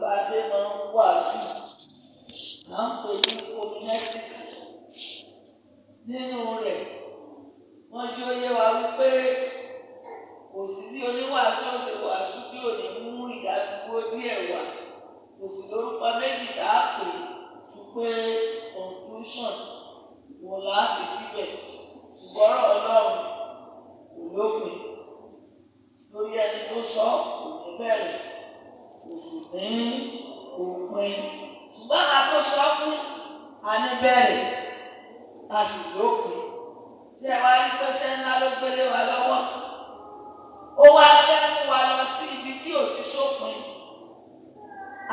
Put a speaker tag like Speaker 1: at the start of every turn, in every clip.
Speaker 1: bá a ṣe máa ń wà sí à ń pè ní homiletics nínú rẹ̀ wọ́n jí ó yé wa wípé kò sí bí oníwàásù ọ̀sẹ̀ wàásù tí ò ní mú ìdádúró díẹ̀ wà kò sì lórúkọ méjì tá a pè
Speaker 2: ju conclusion
Speaker 1: wò láti síbẹ̀ ṣùgbọ́n ọlọ́run kò lópin lórí ẹni tó sọ kò ní bẹ̀rẹ̀ òṣùpẹ́ òpin ṣùgbọ́n àtò sọ fún aníbẹ̀rẹ̀ a sì lópin ṣé wàá rí pé ṣẹ́ ńlá ló gbélé wa lọ́wọ́ ó wá fẹ́ mú wa lọ sí ibi tí ò ti sópin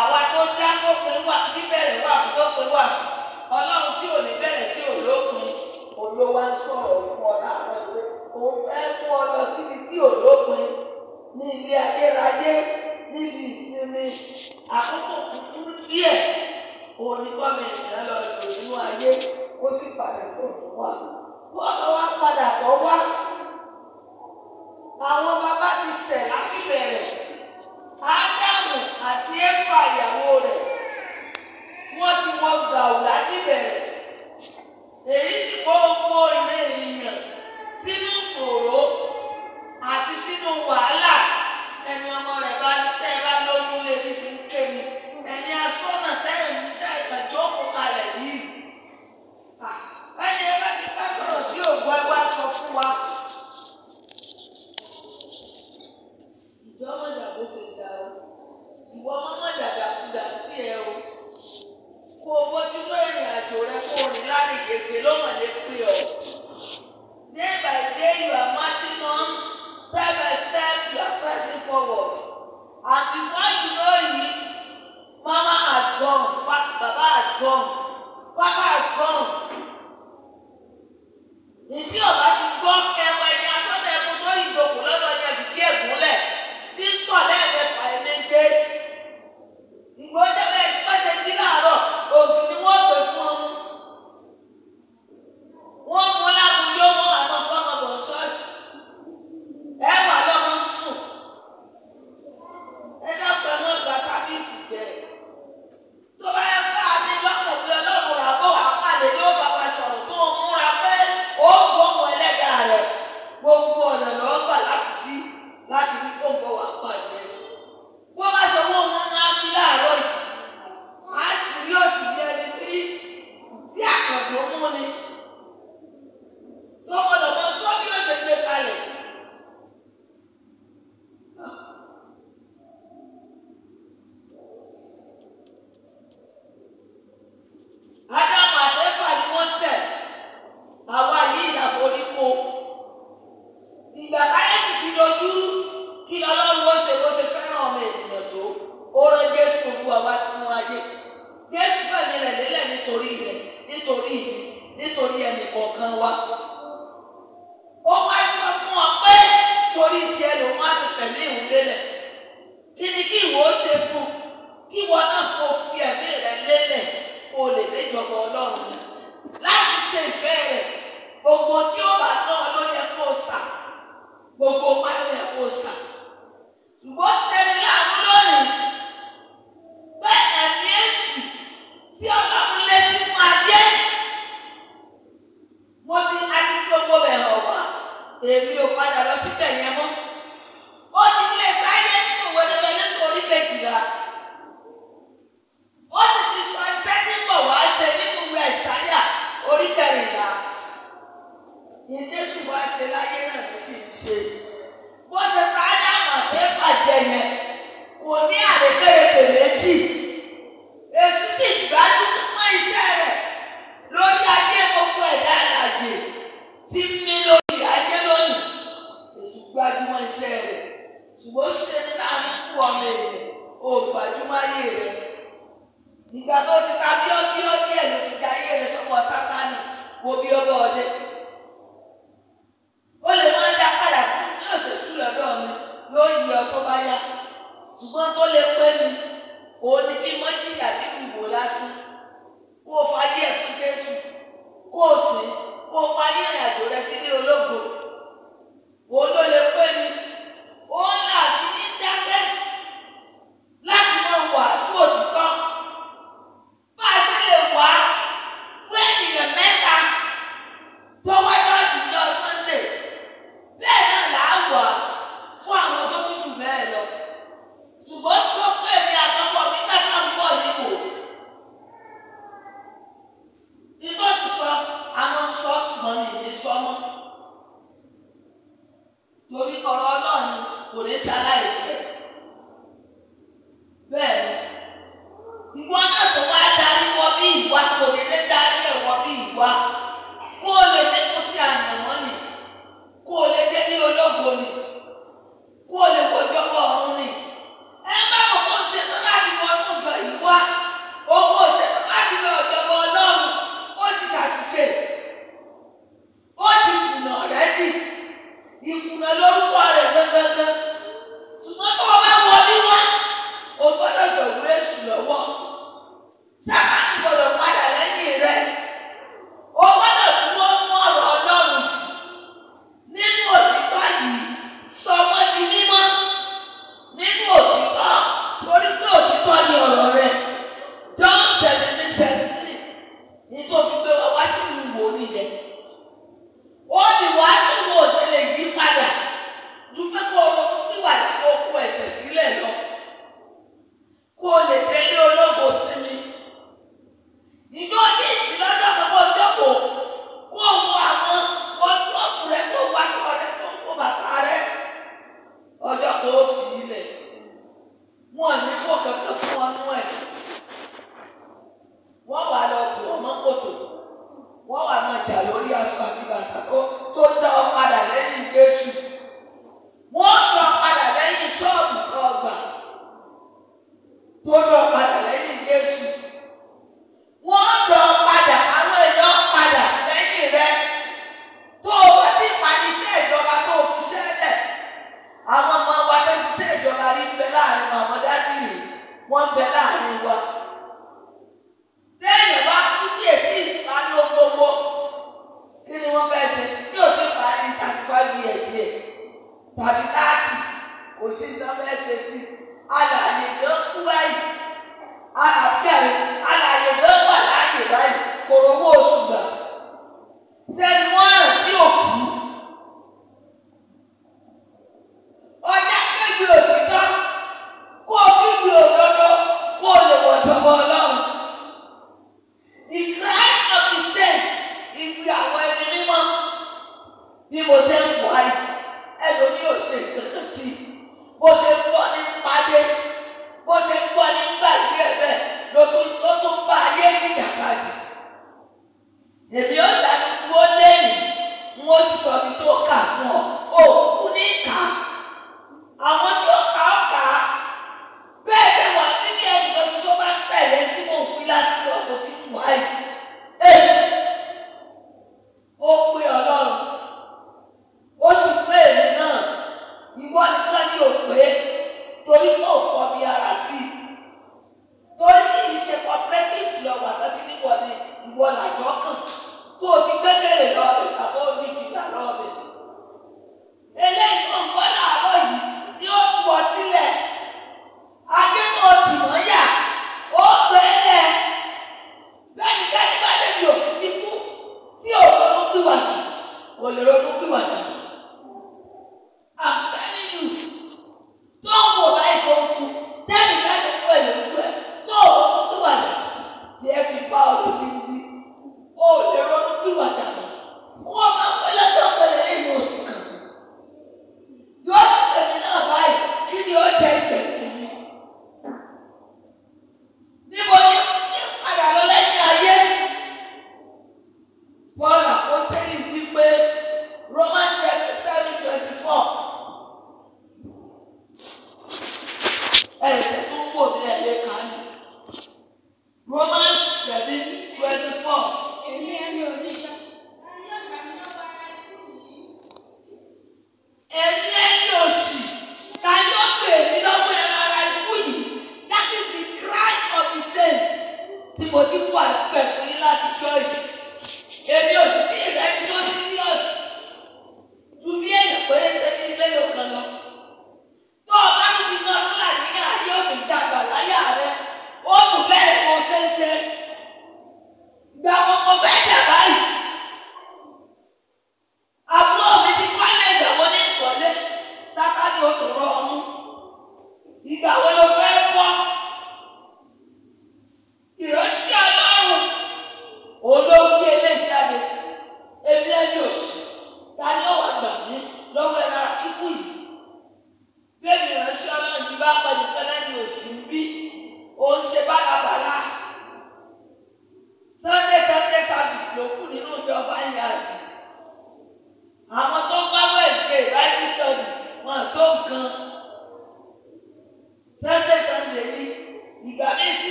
Speaker 1: àwa tó dá lópin wà níbẹ̀rẹ̀ wà lópin wà ọlọ́run tí ò ní bẹ̀rẹ̀ tí ò lópin olówó ń sọ̀rọ̀ fún ọ láwọn ẹgbẹ́ òun fẹ́ mú ọ lọ síbi tí ò ní ilé ayérayé níbi ìsinmi àkókò kúkúrú díẹ̀ òun ni gọ́ọ̀mẹ̀ntì náà lọ lò nínú ayé
Speaker 2: ó sì padà tó tó wá.
Speaker 1: Bọ́ọ̀lù wa padà tó wá. Àwọn bàbá ti ṣẹ̀ láti bẹ̀rẹ̀. Ádámù àti Éfà ìyàwó rẹ̀. Wọ́n ti wọ gàù láti bẹ̀rẹ̀. Èyí sì kó owó ilé ènìyàn sínú ìṣòro àti sínú wàhálà. ẹ̀yin ọmọ rẹ̀ bá tẹ́ ẹ bá lóyún lè fi fi ń ké mi ẹ̀yin asọ́nà tẹ́yìn mi tẹ́ ìgbàjọ́ kó kalẹ̀ yìí. báyìí bá ti bá sọ̀rọ̀ sí òògùn ẹ wá sọ fún wa. ìjọba ìjàgbó step by step you are pressing forward and before you know it mama has gone baba has gone papa has gone ìdí ọba ti gbọ́ kẹ́.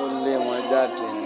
Speaker 2: ó lé wọn jáde ni.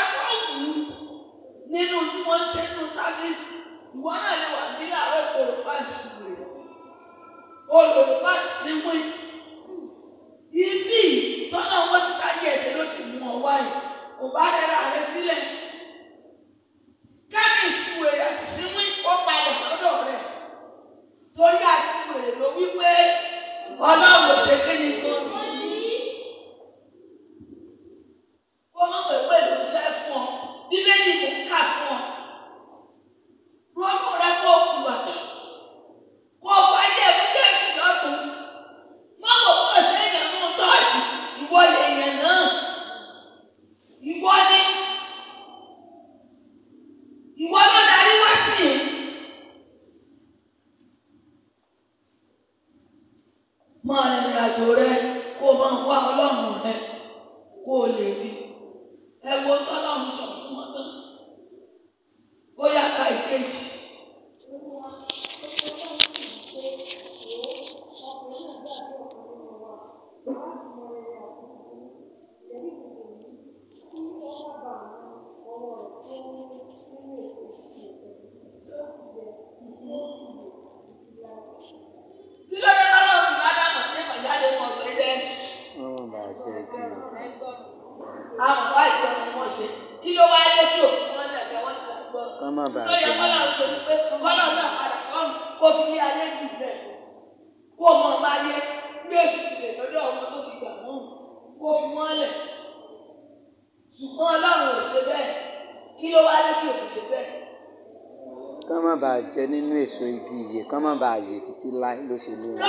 Speaker 1: nínú tí wọ́n ń ṣe nínú sáfíìsì ìwọ náà lè wà nílẹ̀ àwọn olùkọ́ ìṣúwèé olùkọ́ ìṣúwèé ibi tọ́nà owó títa yí ẹ̀sẹ̀ ló ti mú ọ wáyé kò bá rẹra rẹ sílẹ̀ kẹ́mi ìṣúwèé àti ìṣúwèé ó padà lọ́dọ̀ rẹ torí àṣìwèé ló wípé ọlọ́run ṣe kí ni kò ní. kó mọ̀ pé bàa yè títí láé ló ṣe ní wọn.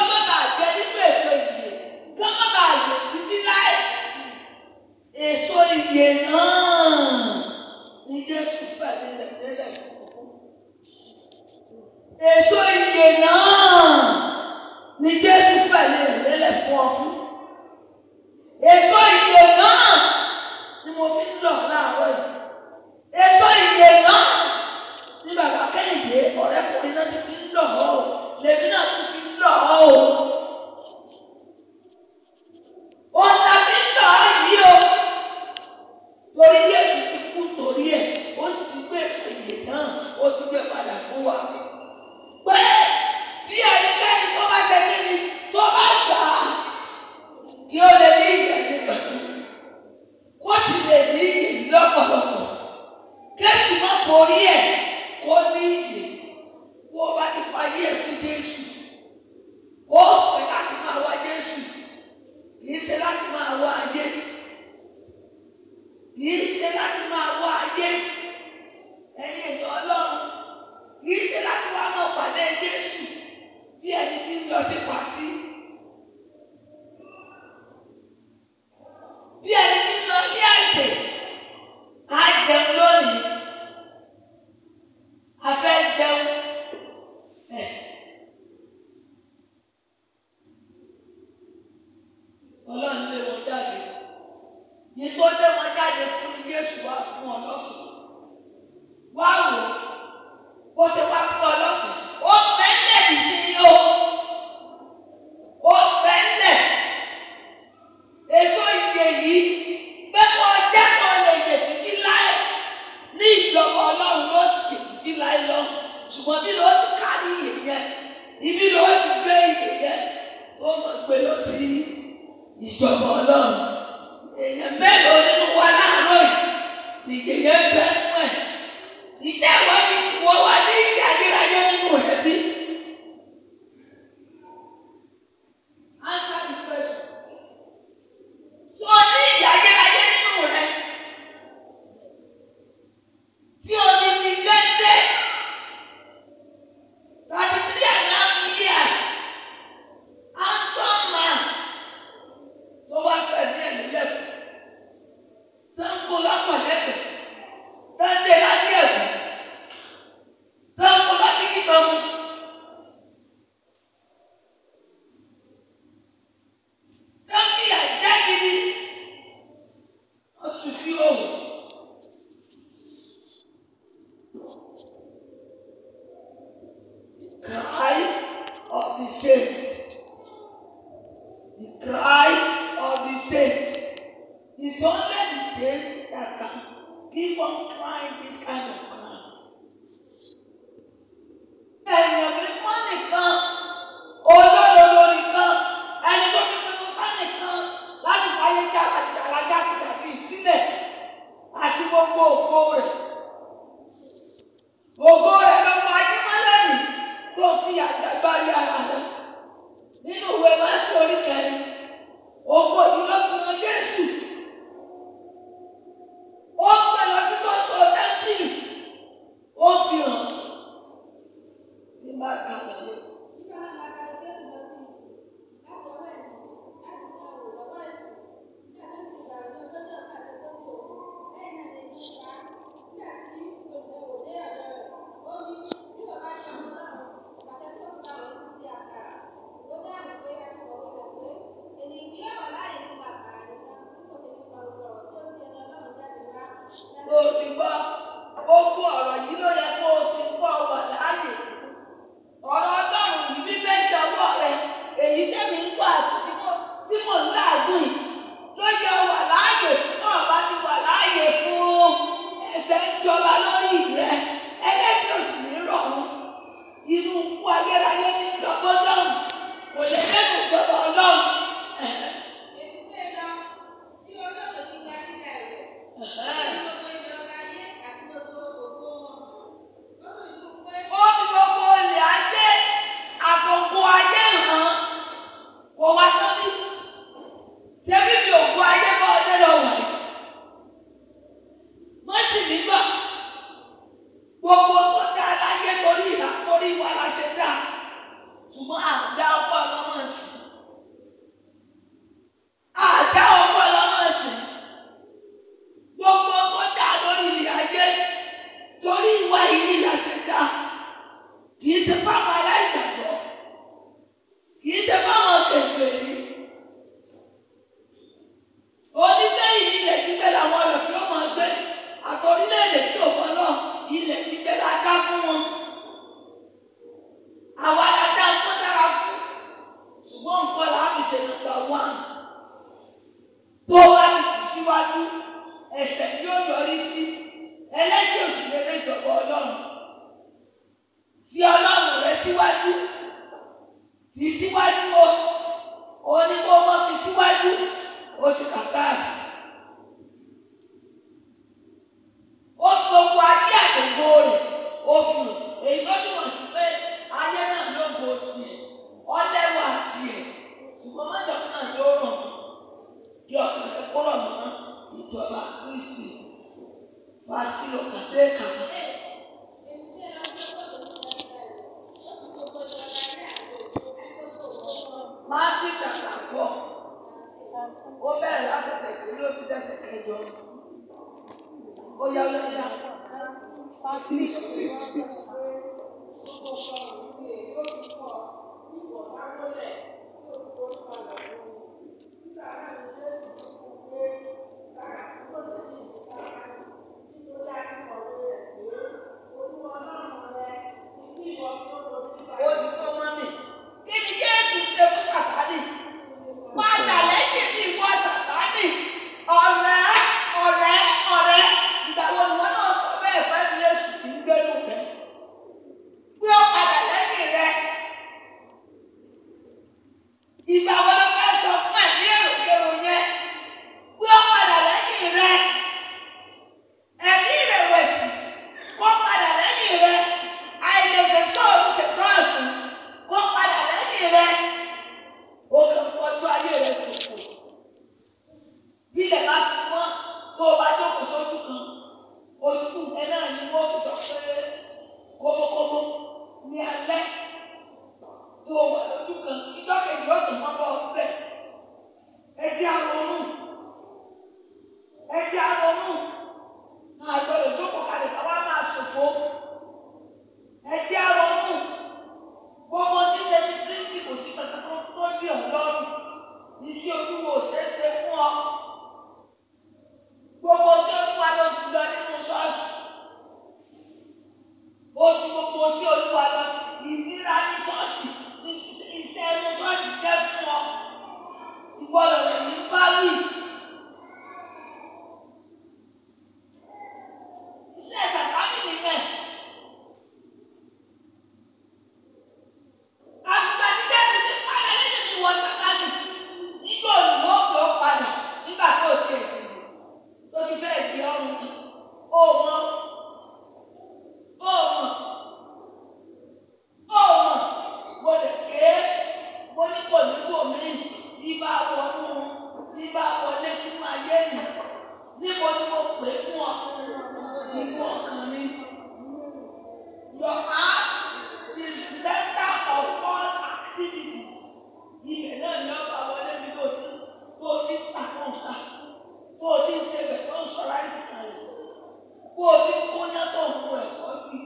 Speaker 1: bó o ti kó náà tó ń ẹ̀kọ́ sí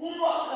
Speaker 1: nínú ọ̀kan.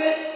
Speaker 1: it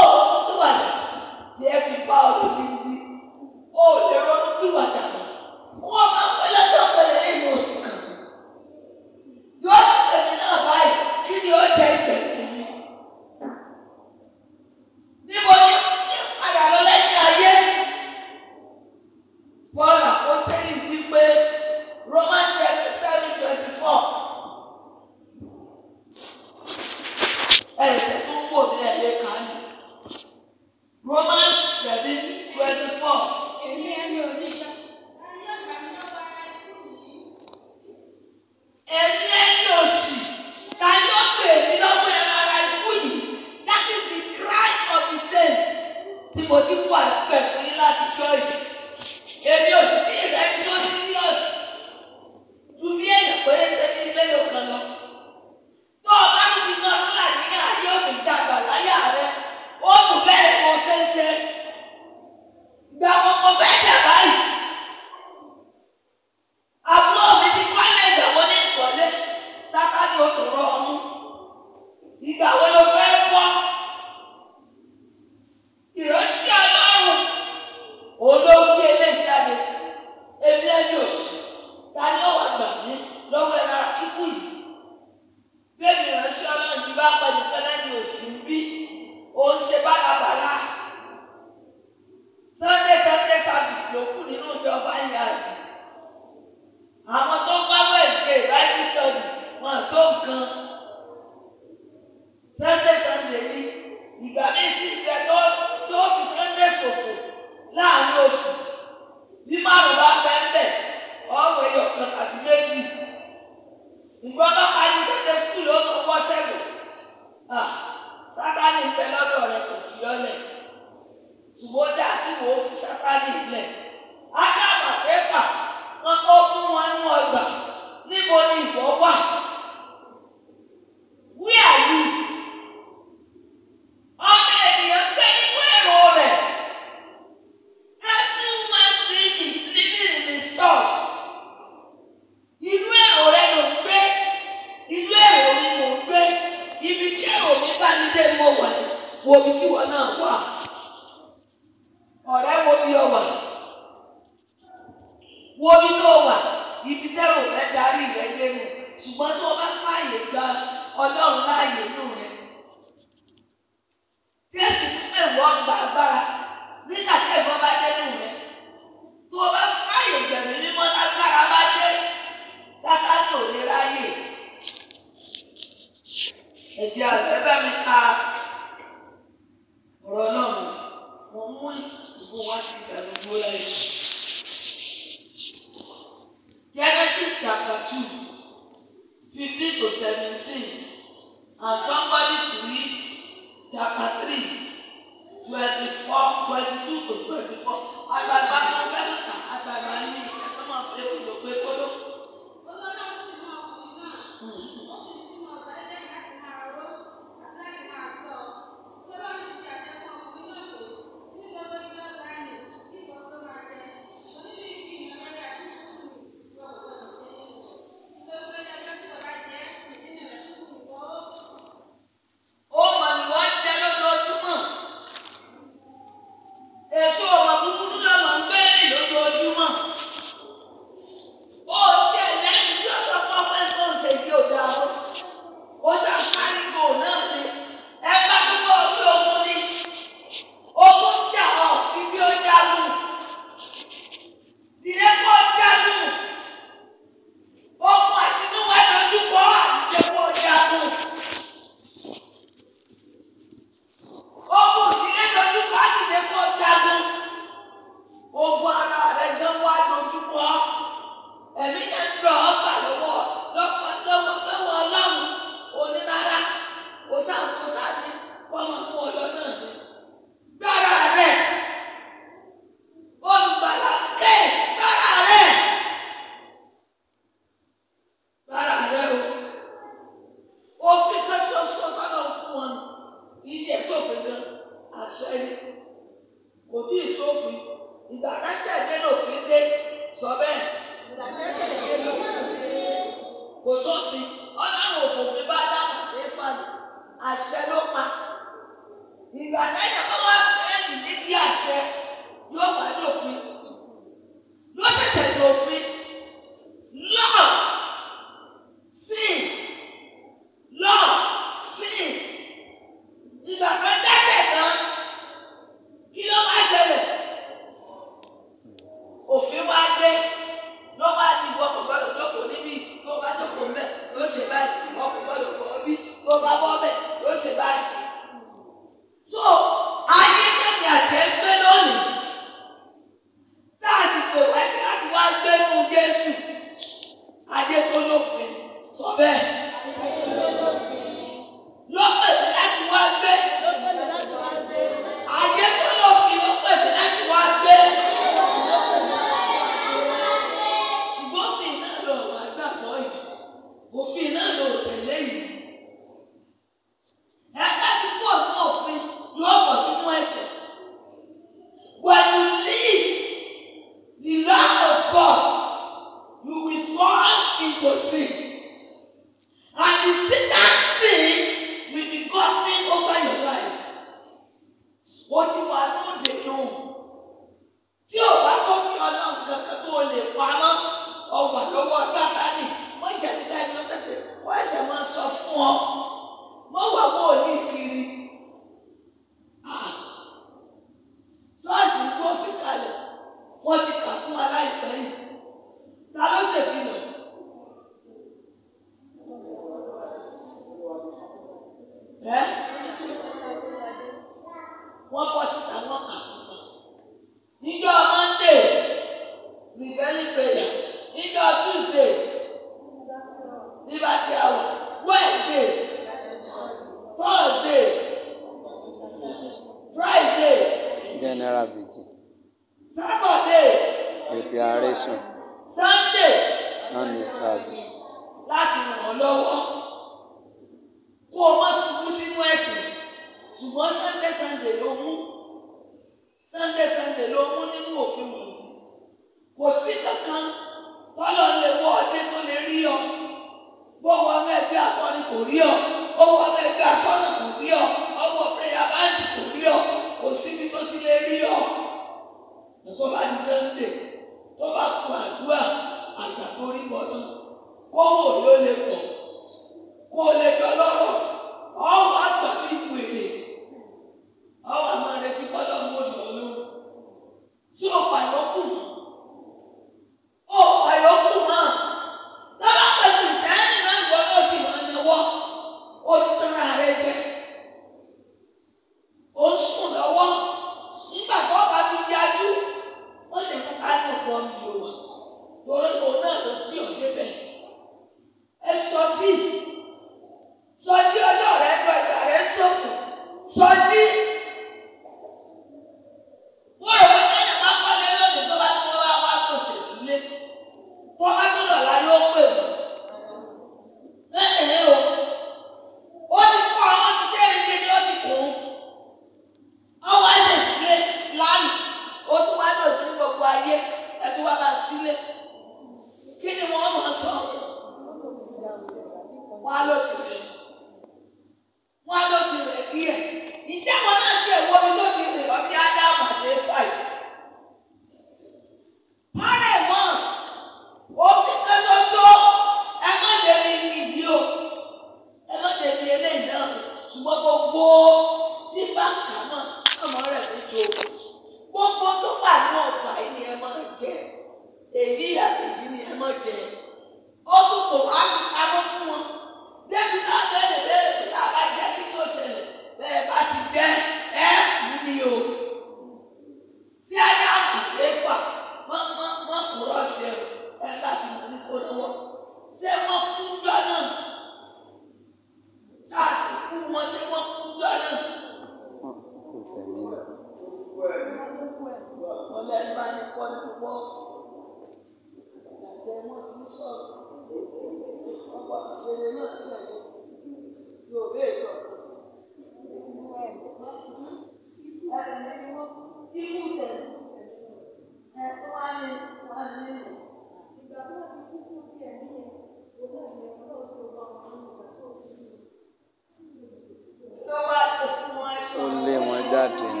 Speaker 2: ó wọn jáde.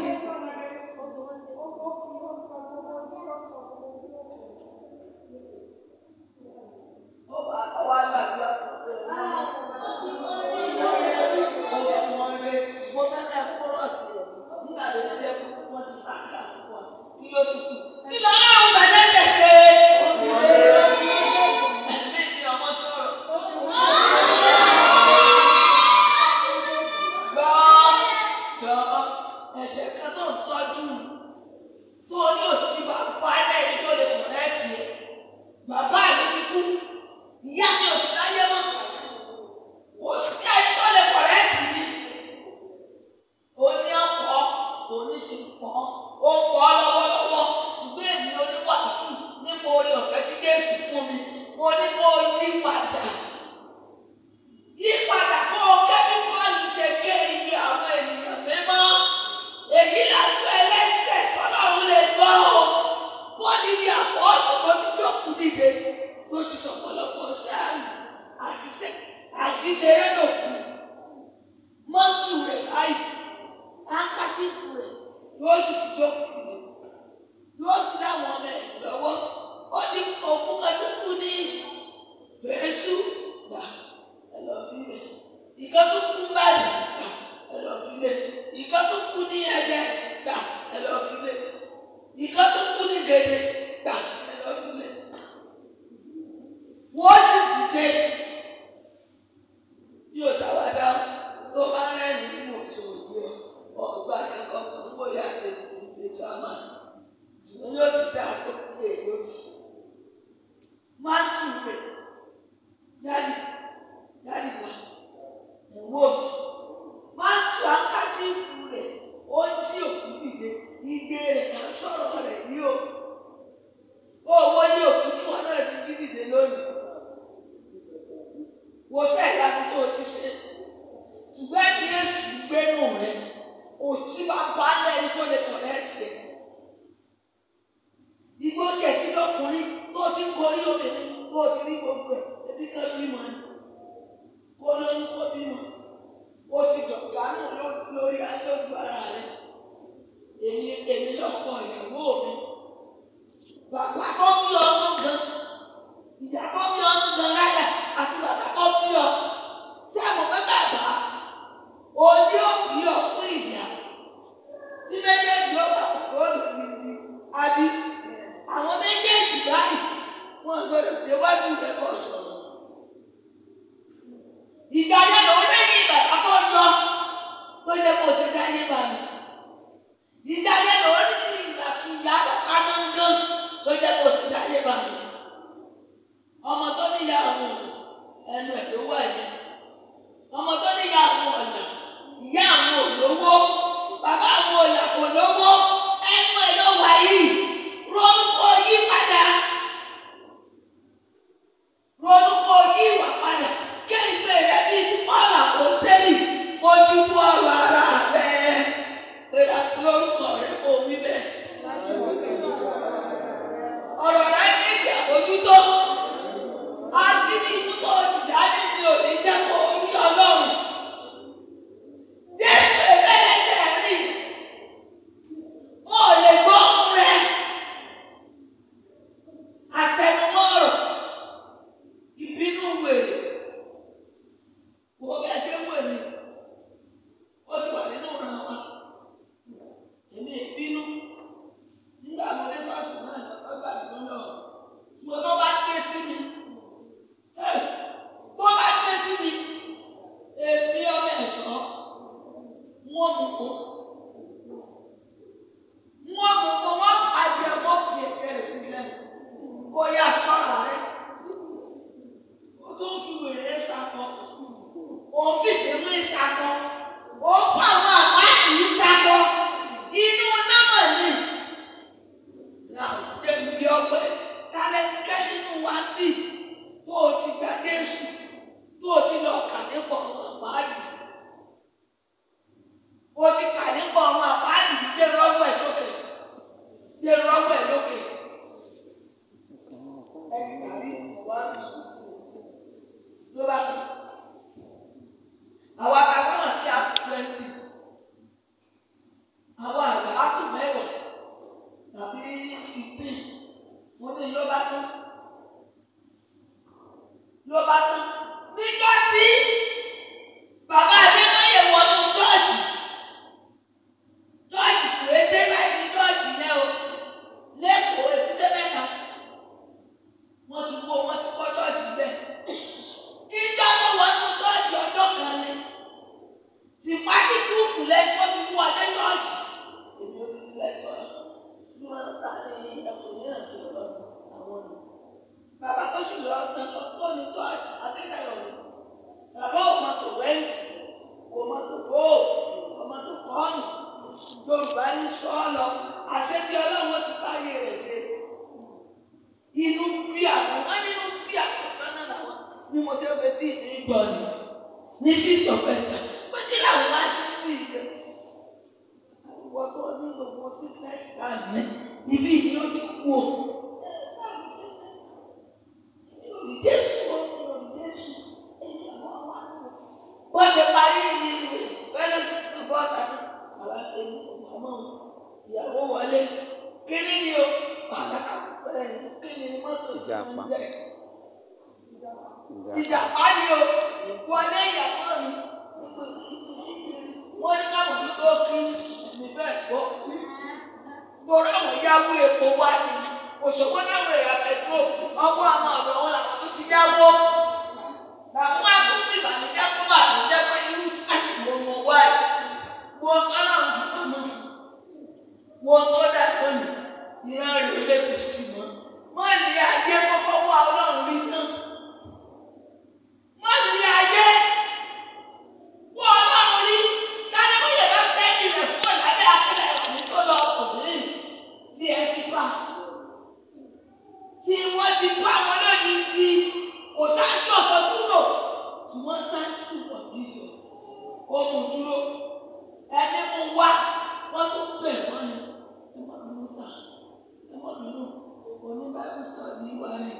Speaker 2: oníbàbí sọ̀dí wà ní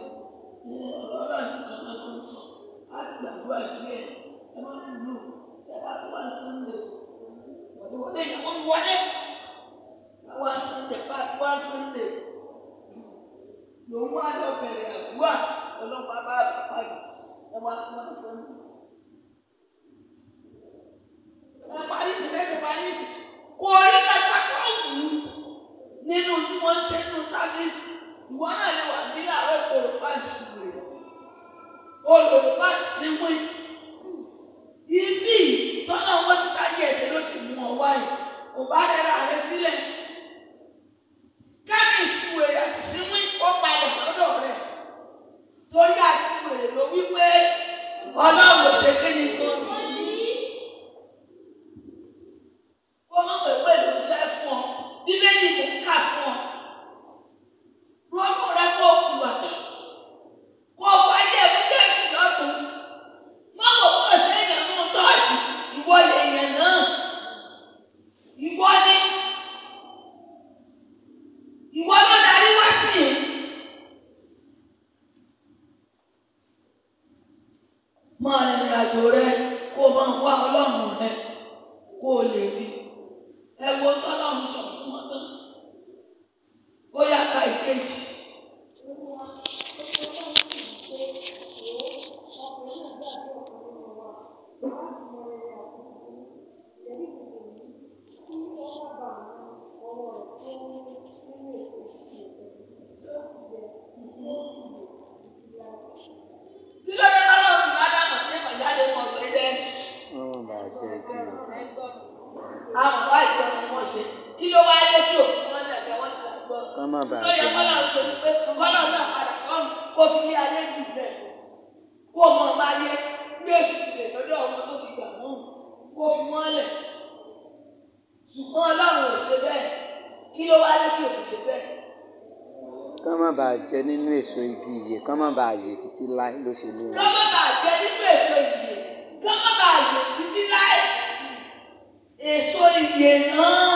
Speaker 2: ọ̀rọ̀ nìkan náà ló ń sọ á sì gbàdúrà díẹ̀ ẹ má fi lù ẹ bá tó wà sílẹ̀ wọléwọlé ìyàwó mi wọlé
Speaker 1: wá sílẹ̀ bá wá sílẹ̀ lòun wá lọ bẹ̀rẹ̀ àdúrà ọlọ́pàá bá pàdé ẹ wá tó wà sílẹ̀. ẹ parí sílẹ̀ ẹ parí sílẹ̀ kò rí kàtàkùn nínú tí wọ́n ń ṣe nínú sáfíìsì ìwọ náà lè wà ní àárọ̀ olùkọ́ àdìsúwò olùkọ́ àdìsúwò ibi tọ́nà owó ti ta yẹ ẹ̀sẹ̀ ló ti mú ọ wáyé kò bá rẹra rẹ sílẹ̀ káàkiri ìsúwò àdìsúwò ó padà lọ́dọ̀ rẹ̀ tó yá àdìsúwò ló wípé ọlọ́run ò ṣe kí ni kò mọ̀ ní. kó mọ̀ pé pẹ̀lú. lè rí èso ibi ìyè kán má bàa yè títí láé ló ṣe léwu. kán má bàa jẹ nínú èso ìyè kán má bàa yè títí láé èso ìyè náà.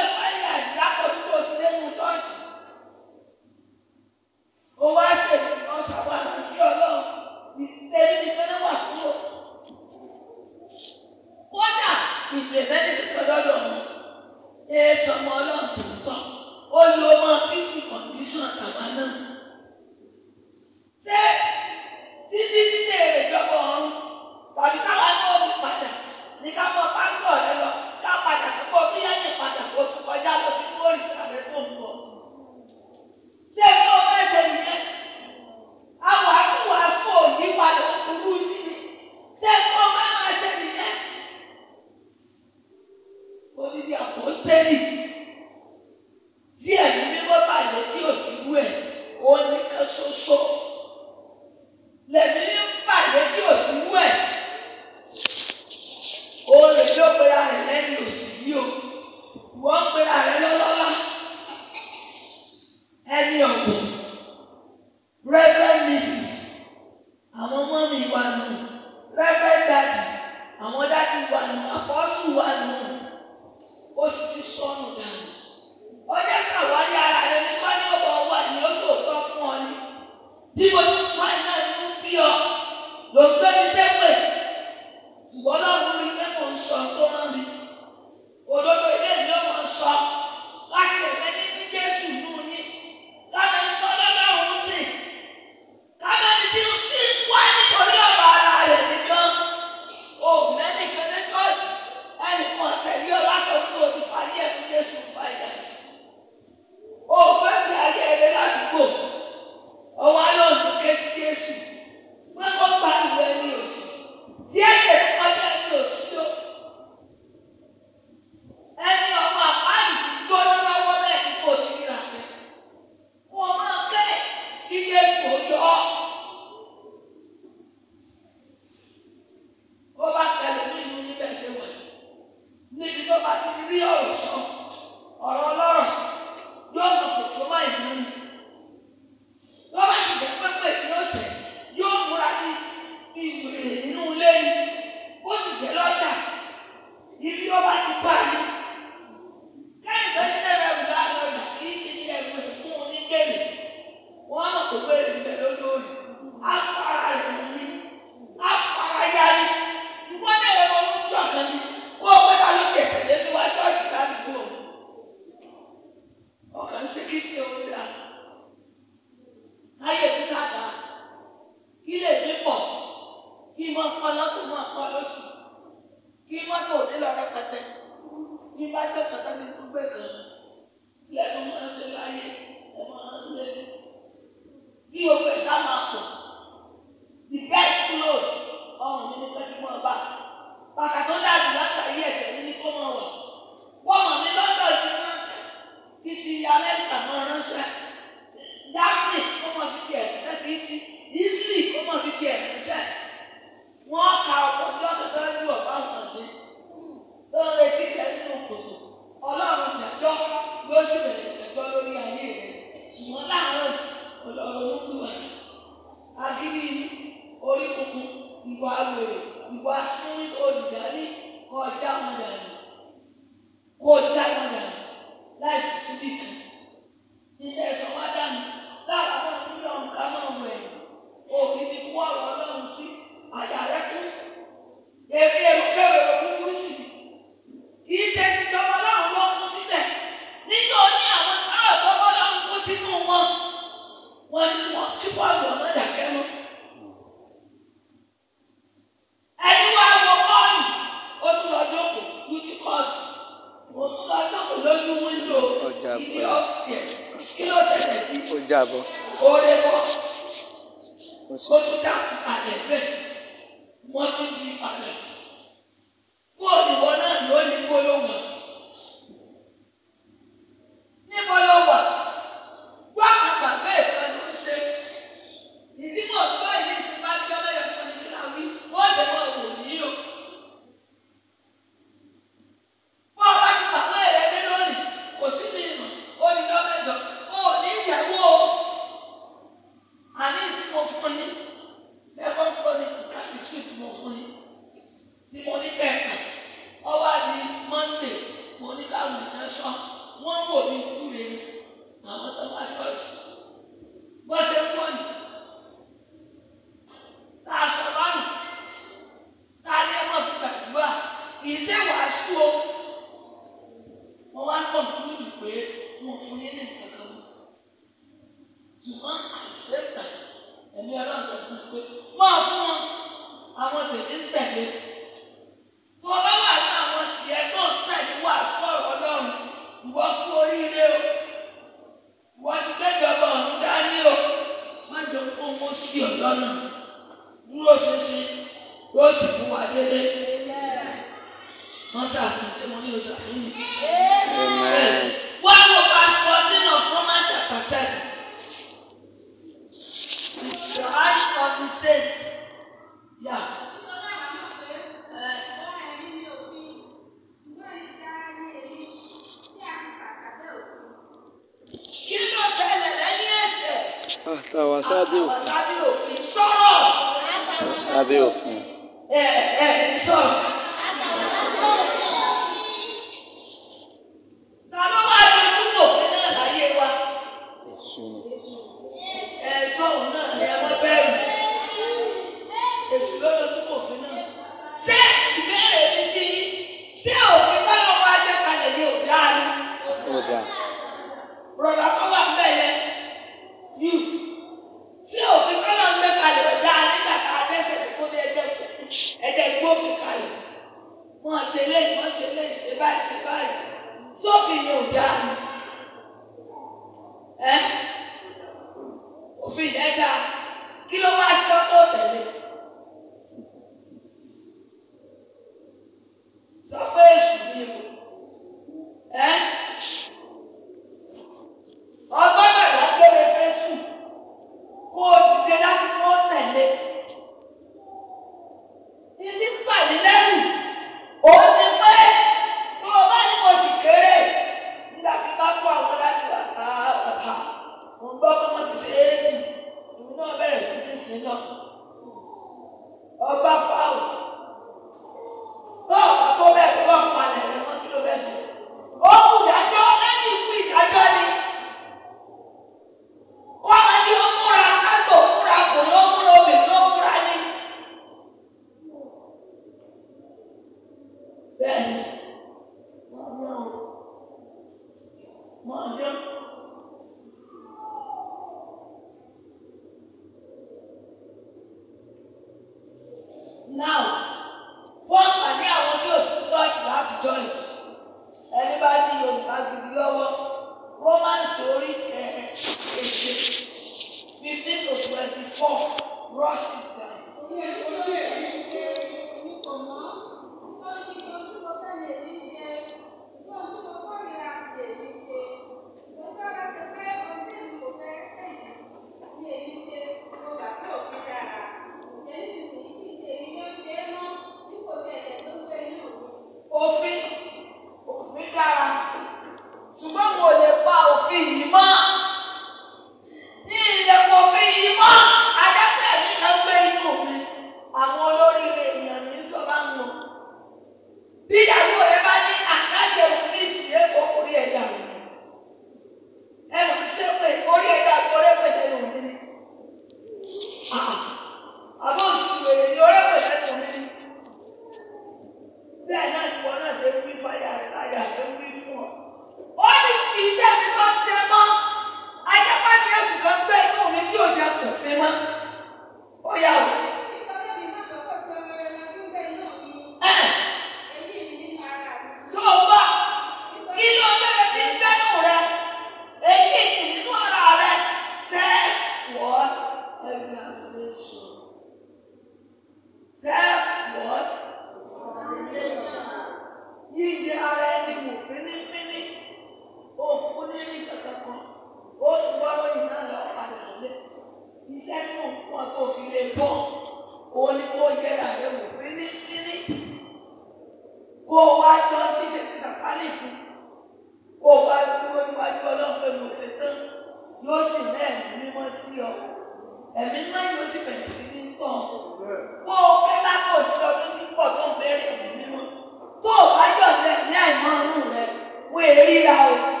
Speaker 1: रहा है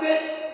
Speaker 1: bebê